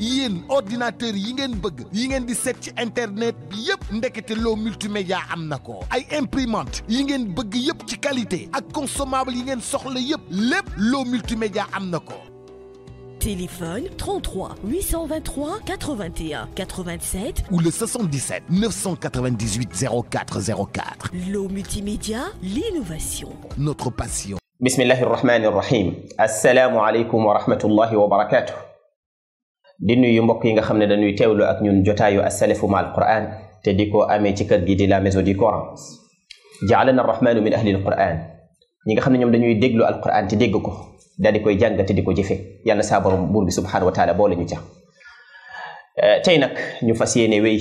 yéen ordinateur yi ngeen bëgg yi ngeen di internet bi yëpp ndekete loo multimédia am na ko ay imprimante yi ngeen bëgg yépp ci qualité ak consommable yi ngeen soxla yépp lépp lo multimédia am na Téléphone 33 823 81 87 ou le 77 998 0404. L'eau multimédia, l'innovation. Notre passion. Bismillahirrahmanirrahim. Assalamu alaikum wa rahmatullahi wa barakatuh. di nuyu mbokk yi nga xam ne dañuy teewlu ak ñun jotaayu as-salafu ma alquran te di ko amee ci kër gi di la maison du coran jaalana arrahmanu min ahli alquran ñi nga xam ne ñoom dañuy déglu alquran te dégg ko daal di koy jàng te di ko jëfe yàlla saa borom buur bi subhanahu wa taala boole ñu ca eh, tey nag ñu fas yéene wéy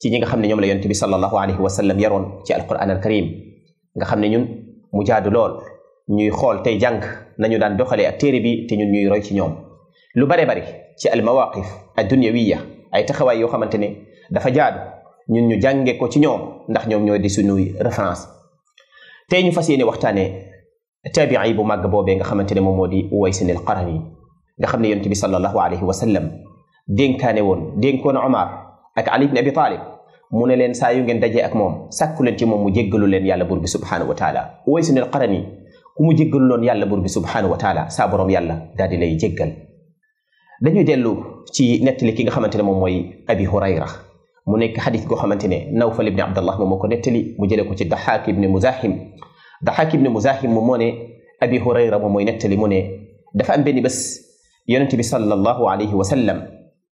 ci ñi nga xam ne ñoom la yonent bi sallallahu alayhi wa sallam yaroon ci alquran al karim nga xam ne ñun mu jaadu lool ñuy xool tey jàng nañu daan doxalee ak téere bi te ñun ñuy roy ci ñoom lu bare bari ci al mawaqif ad dunyawiya ay taxawaay yoo xamante ne dafa jaadu ñun ñu jànge ko ci ñoom ndax ñoom ñoo di suñuy référence tey ñu fas yéene waxtaanee taabi'i bu màgg boobee nga xamante ne moom moo di Uways al Qarani nga xam ne yonent bi sallallahu alayhi wa sallam dénkaane woon dénkoon Omar ak Ali ibn Abi Talib mu ne leen saa yu ngeen dajee ak moom sàkku leen ci moom mu jéggalu leen yàlla buur bi subhanahu wa taala Uways al ku mu jéggalu loon yàlla buur bi subhanahu wa taala saa borom yàlla daal di lay jéggal dañuy dellu ci nettali ki nga xamante ne moom mooy abi hurayra mu nekk xadis goo xamante ne nawfal ibni abdallah moom moo ko nettali mu jële ko ci daxaak ibni muzahim daxaak ibni muzahim moom moo ne abi hurayra moom mooy nettali mu ne dafa am benn bés yonente bi sallallahu alayhi wa sallam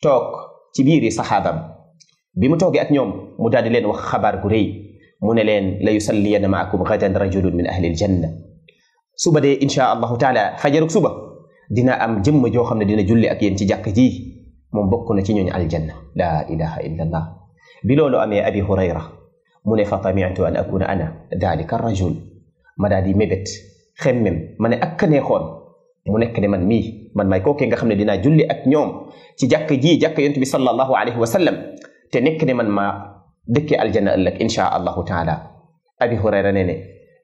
toog ci biiri saxaabam bi mu toogee ak ñoom mu daal di leen wax xabaar bu rëy mu ne leen la yusalliyanna maakum gadan rajulun min ahli aljanna suba de insha allahu taala dina am jëmm joo xam ne dina julli ak yéen ci jàkk ji moom bokk na ci ñooñu aljanna la ilaha illa allah bi loolu amee abi hurayra mu ne fa tamitu an akuna ana dalika rajul ma daal di mébét xemmem ma ne ak neexoon mu nekk ne man mii man maay kookee nga xam ne dinaa julli ak ñoom ci jàkk ji jàkk yonent bi sallallahu alayhi wa sallam te nekk ne man maa dëkkee aljanna ëllëg insha allahu taala abi hurayra nee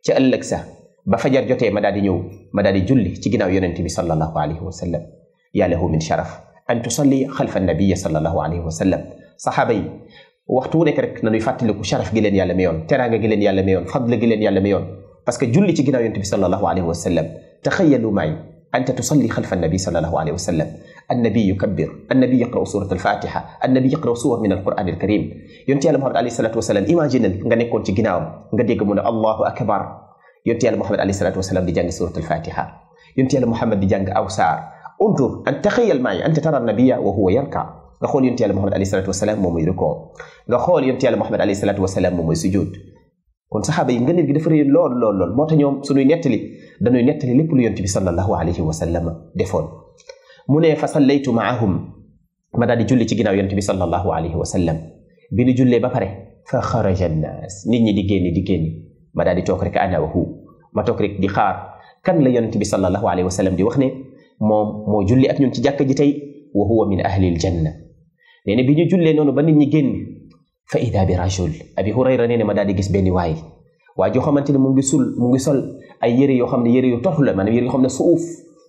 ci ëllëg sa ba fajar jotee ma daal ñëw ma daal julli ci ginaaw yonent bi sallallahu alayhi wa sallam ya lahu min sharaf an tusalli khalf an nabiya sallallahu alayhi wa sallam saxaaba waxtu wu rek rek nanuy fàttaliku sharaf gi len yàlla meyon teranga gi len yàlla meyon fadla gi len yàlla meyon parce que julli ci ginaaw yonent bi sallallahu alayhi wa sallam taxayalu maay أنت تصلي خلف النبي صلى الله عليه وسلم النبي يكبر النبي يقرأ سورة الفاتحة النبي يقرأ سور من القرآن الكريم ينتهي محمد عليه الصلاة والسلام إماجين nga nekkon ci ginaaw nga deg mu ne الله أكبر yonte yàlla muhammad alayhi salatu wasalam di jàng suratul fatiha yonte yàlla muhammad di jàng aw saar undur an taxiyal maay anta tara nabiya wa huwa yarka nga xool yonte yàlla muhammad alayhi salatu wasalam moom muy rukoo nga xool yonte yàlla muhammad alayhi salatu wasalam moom muy sujud kon saxaaba yi ngëneel gi dafa rëy lool lool lool moo tax ñoom suñuy nettali dañuy nettali lépp lu yonte bi sallallahu alayhi wasallam sallam defoon mu ne fa sallaytu maahum ma daal di julli ci ginnaaw yonte bi sallallahu alayhi wa bi nu jullee ba pare fa xaraja annaas nit ñi di génn di génn ma daal di toog rek ana hu ma toog rek di xaar kan la yonent bi sallallahu alayhi wa sallam di wax ne moom moo julli ak ñun ci jàkk ji tey wa huwa min ahlil janna nee na bi ñu jullee noonu ba nit ñi génn fa ida bi rajul abi hurayra nee ma daal di gis benn waay waa joo xamante ne mu ngi sul ngi sol ay yére yoo xam ne yére yu toxu la maanaam yére yoo xam ne suuf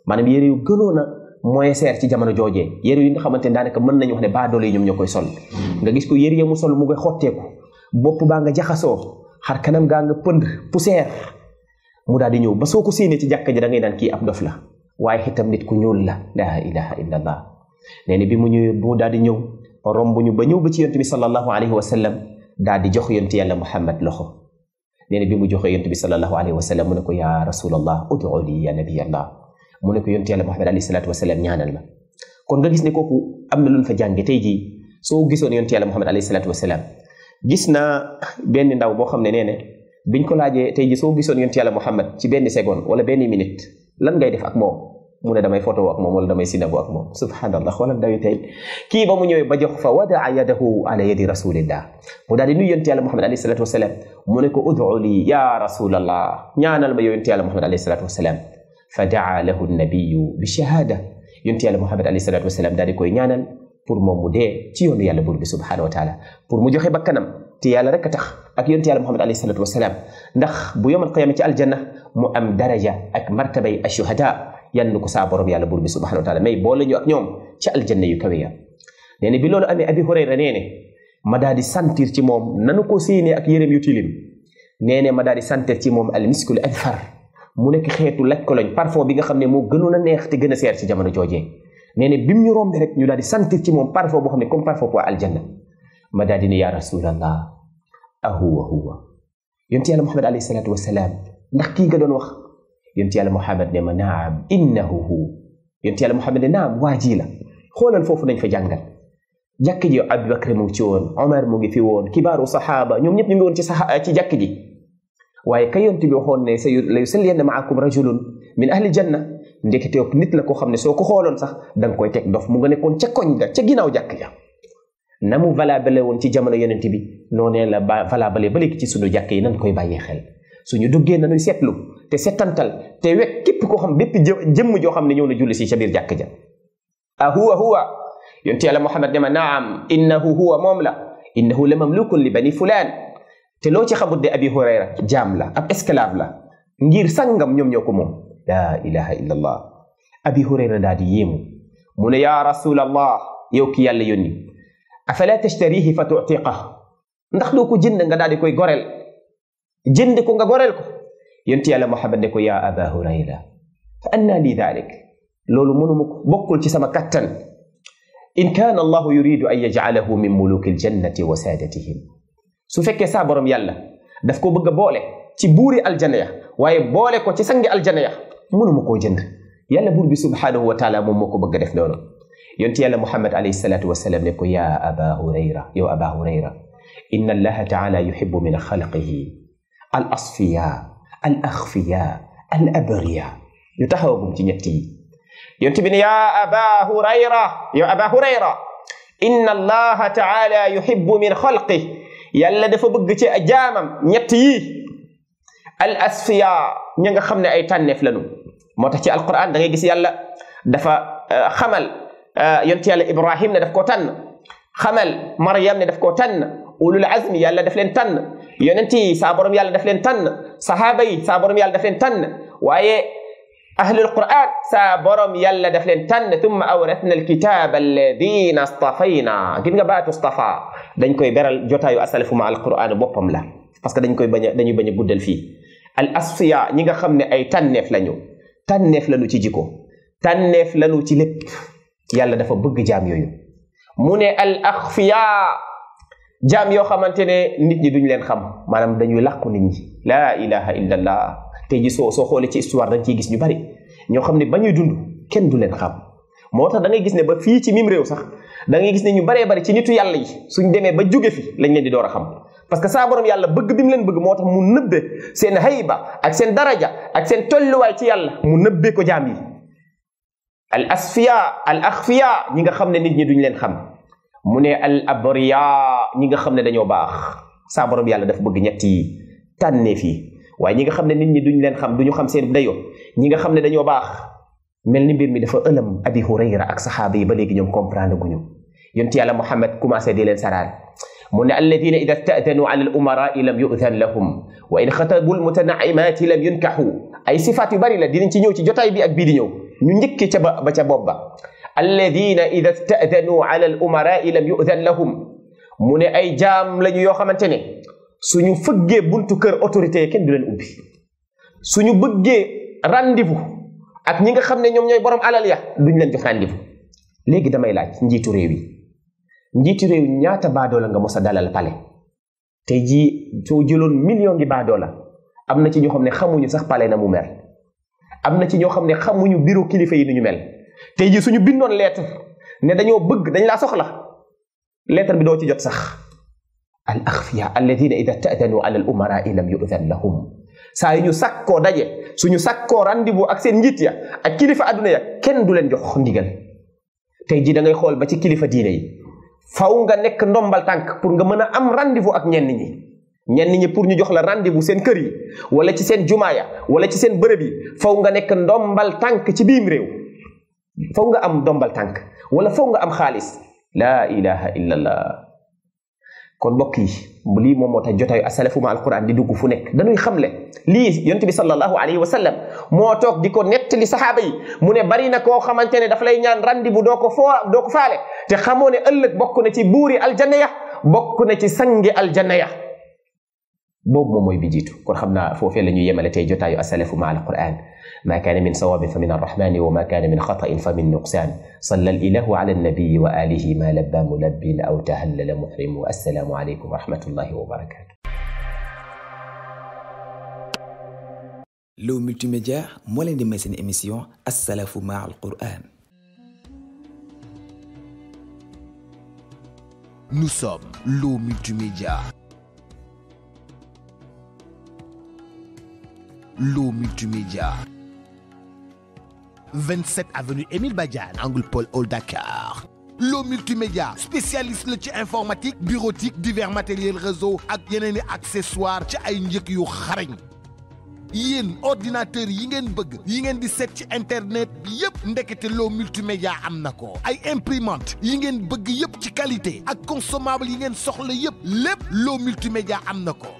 maanaam yére yu gënoon a mooy seer ci jamono jooje yére yi nga xamante ne daanaka mën nañu wax ne baadoole yi ñoom ñoo koy sol nga gis ko yére ya mu sol mu ngi xotteeku bopp baa nga jaxasoo xar kanam gaa nga pënd poussière mu daal di ñëw ba soo ko séenee ci jàkka ji da ngay naan kii ab dof la waaye xitam nit ku ñuul la laa ilaha illa allah nee bi mu ñëw mu daal di ñëw romb ñu ba ñëw ba ci yontu bi sallallahu alayhi wa sallam daal di jox yontu yàlla muhammad loxo na bi joxee yontu bi sallallahu alayhi wa sallam mu ne ko yaa rasulallah ud'u li ya nabiyallah mu ne ko yontu yàlla muhammad alayhi salatu wasalam ñaanal ma kon nga gis ne kooku am na lu fa jànge tey jii soo gisoon yontu yàlla muhammad alayhi salatu wasalam gis na benn ndaw boo xam ne nee ne biñ ko laajee tey ji soo gisoon yonent yàlla Muhammad ci benn seconde wala benn minute lan ngay def ak moom mu ne damay photo ak moom wala damay sinabu ak moom subhanallah wala ndawi tey kii ba mu ñëwee ba jox fa wadaa yadahu ala yadi rasulillah mu daal di nuyu yonent yàlla Muhammad alayhi salatu wasalaam mu ne ko udu li ya rasulallah ñaanal ma yow yonent yàlla Muhammad alayhi salatu wasalaam fa daa lahu nabiyu bi shahada yonent yàlla Muhammad alayhi salatu wasalaam koy ñaanal pour moom mu dee ci yoonu yàlla buur bi subhaanahu wa pour mu joxe bakkanam te yàlla rek a tax ak yonent yàlla muhammad alayhi salatu wasalaam ndax bu yowmal qiyaama ci aljanna mu am daraja ak martabay ashuhada yann ko saa borom yàlla buur bi subhaanahu wa taala mais boole ñu ak ñoom ci aljanna yu kawe ya nee na bi loolu amee abi hurayra nee ne ma daal di sentir ci moom nanu ko séenee ak yërëm yu tilim nee ne ma daal di sentir ci moom almiskul adfar mu nekk xeetu laj koloñ parfum bi nga xam ne moo gënoon a neex te gën a seer ci jamono joojee nee ne bi mu ñu rombee rek ñu daal di sentir ci moom parfum boo xam ne comme parfum waa aljanna ma daal di ne yaa rasulallah ahuwa huwa yonti yàlla muhammad alayhi salaatu wasalaam ndax kii nga doon wax yonti yàlla muhammad ne ma naam innahu hu yonti yàlla muhammad ne naam waa ji la xoolal foofu nañ fa jàngal jàkk ji abubakar mu ngi ci woon omar mu ngi fi woon kibaaru saxaaba ñoom ñëpp ñu ngi woon ci saxa ci jàkk ji waaye ka yonti bi waxoon ne sa la yusalliyanna maakum rajulun min ahli janna ndekete yoog nit la ko xam ne soo ko xooloon sax da koy teg dof mu nga nekkoon ca koñ ga ca ginnaaw jàkk ja na mu balaa bale woon ci jamono yonent bi noonee la ba valable ba léegi ci suñu jàkk yi nan koy bàyyee xel suñu duggee na nañuy seetlu te setantal te wekk képp koo xam bépp jëmm joo xam ne ñëw na julli si ca biir jàkk ja a huwa huwa yonent yàlla Muhammad ne ma naam innahu huwa moom la innahu la mamlukun li bani fulaan te loo ci xamut de abi hurayra jaam la ab esclave la ngir sangam ñoom ñoo ko moom la ilaha illallah abi hurayra daal di yéemu mu yow ki yàlla yónni afala tashtarihi fa tu'tiqa ndax doo ko jënd nga daal koy goreel ko nga goreel ko yonti yàlla muhammad ne ko ya aba hurayra fa anna li dalik loolu mënuma ko ci sama kattan in kaana allahu yuridu an yajcalahu min muluki aljannati wa saadatihim su fekkee saa borom yàlla daf ko bëgg a boole ci buuri aljana ya waaye boole ko ci sangi aljana ya mënuma koo jënd yàlla buur bi subhaanahu wa taala moom moo ko bëgg a def noonu yonti yàlla muhammad alayhi salaatu wasalaam ne ko yaa aba hurayra yow aba hurayra inna allaha taala yuhibbu min xalqihi al asfiya al axfiya al abriya ñu taxawagum ci ñett yi yonti bi ne yaa aba hurayra yow aba hurayra inna allaha taala yuhibbu min xalqihi yàlla dafa bëgg ci jaamam ñett yi al asfiya ña nga xam ne ay tànneef lanu motax ci alquran da ngay gis yàlla dafa xamal yonti yàlla ibrahim ne daf ko tan xamal maryam ne daf ko tan ulul azmi yàlla daf len tan yonent sa borom yàlla daf len tan sahaba yi sa borom yàlla daf len tan waye اهل القران سابرم يلا yàlla تن ثم اورثنا الكتاب الذين اصطفينا alladina با تصطفى دنجكاي baatu جوتايو اسلف مع القران jotaayu لا باسكو دنجكاي boppam la parce غودال في koy نيغا خامني اي bañ a guddal tànneef lanu ci jikko tànneef lanu ci lépp yàlla dafa bëgg jaam yooyu mu ne al axfiya jaam yoo xamante ne nit ñi duñ leen xam maanaam dañuy làqu nit ñi laa ilaha illa allah tey ji soo soo xoolee ci histoire dañ ciy gis ñu bari ñoo xam ne ba ñuy dund kenn du leen xam moo tax da ngay gis ne ba fii ci miim réew sax da ngay gis ne ñu baree bari ci nitu yàlla yi suñ demee ba jóge fi lañ leen di door a xam parce que saa borom yàlla bëgg bi mu leen bëgg moo tax mu nëbbe seen hayba ak seen daraja ak seen tolluwaay ci yàlla mu nëbbe ko jaam yi al asfiya al ñi nga xam ne nit ñi duñ leen xam mu ne al abriya ñi nga xam ne dañoo baax saa borom yàlla dafa bëgg ñetti yi tànnee fii waaye ñi nga xam ne nit ñi duñ leen xam duñu xam seen dayo ñi nga xam ne dañoo baax mel ni mbir mi dafa ëlëm abi hurayra ak saxaaba yi ba léegi ñoom comprendre guñu yonti yàlla muhammad commencé di leen mu ne alladina ida stadanu ala al umarai lam yudan lahum wa in xatabu almutanaimaati lam yunkaxu ay sifaat yu bari la dinañ ci ñëw ci jotaay bi ak bii di ñëw ñu njëkki ca ba ba ca bopp ba alladina ida stadanu ala al umarai lam yudan lahum mu ne ay jaam lañu yoo xamante ne suñu fëggee buntu kër autorité kenn du leen ubbi suñu bëggee rendez-vous ak ñi nga xam ne ñoom ñooy borom alal ya duñ leen jox rendez-vous léegi damay laaj njiitu réew yi njiiti réew ñaata baadoola nga mos a dalal pale tey jii soo jëloon million ngi baadoola am na ci ñoo xam ne xamuñu sax pale na mu mel am na ci ñoo xam ne xamuñu bureau kilifa yi nu ñu mel tey jii suñu bindoon lettre ne dañoo bëgg dañ la soxla lettre bi doo ci jot sax al axfiya alladina ida taadanu ala al lam yudan lahum saa yu ñu sakkoo daje suñu sakkoo rendez-vous ak seen njiit ya ak kilifa adduna ya kenn du leen jox ndigal tey jii da xool ba ci kilifa diine faw nga nekk ndombal tànk pour nga mën a am rendez ak ñenn ñi ñenn ñi pour ñu jox la rendez-vous seen kër yi wala ci seen jumaaya wala ci seen bërëb yi faw nga nekk ndombal tànk ci biim réew faw nga am dombal tànk wala faw nga am xaalis laa ilaha illallah kon mbokk yi lii moom moo tax jotaayu asalafu ma alquran di dugg fu nekk xam xamle lii yonent bi sallallahu alayhi wa sallam moo toog di ko nettali saxaaba yi mu ne bari na koo xamante ne daf lay ñaan randi bu doo ko foo doo ko faale te xamoo ne ëllëg bokk na ci buuri aljanna ya bokk na ci sangi aljanna ya boobu moom mooy bi jiitu kon xam naa foofee la ñuy yemale tey jotaayu asalafu ma alquran ما كان من صواب فمن الرحمن وما كان من خطأ فمن نقصان صلى الإله على النبي وآله ما لبى ملب أو تهلل محرم السلام عليكم ورحمة الله وبركاته لو multimédia مولين دي ميسين اميسيون السلف مع القرآن Nous sommes l'eau multimédia. L'eau multimédia. 27 avenue Emile Badian, angle Paul Old Dakar multimédia spécialiste le ci informatique bureautique divers matériels réseau ak yeneen accessoires a ci ay njëkk yu xarañ Yeen ordinateur yi ngeen bëgg yi ngeen di set ci internet bi ndekete multimédia am a ko ay imprimante yi ngeen bëgg ci qualité ak consommable yi ngeen soxla yëpp lépp loo multimédia am ko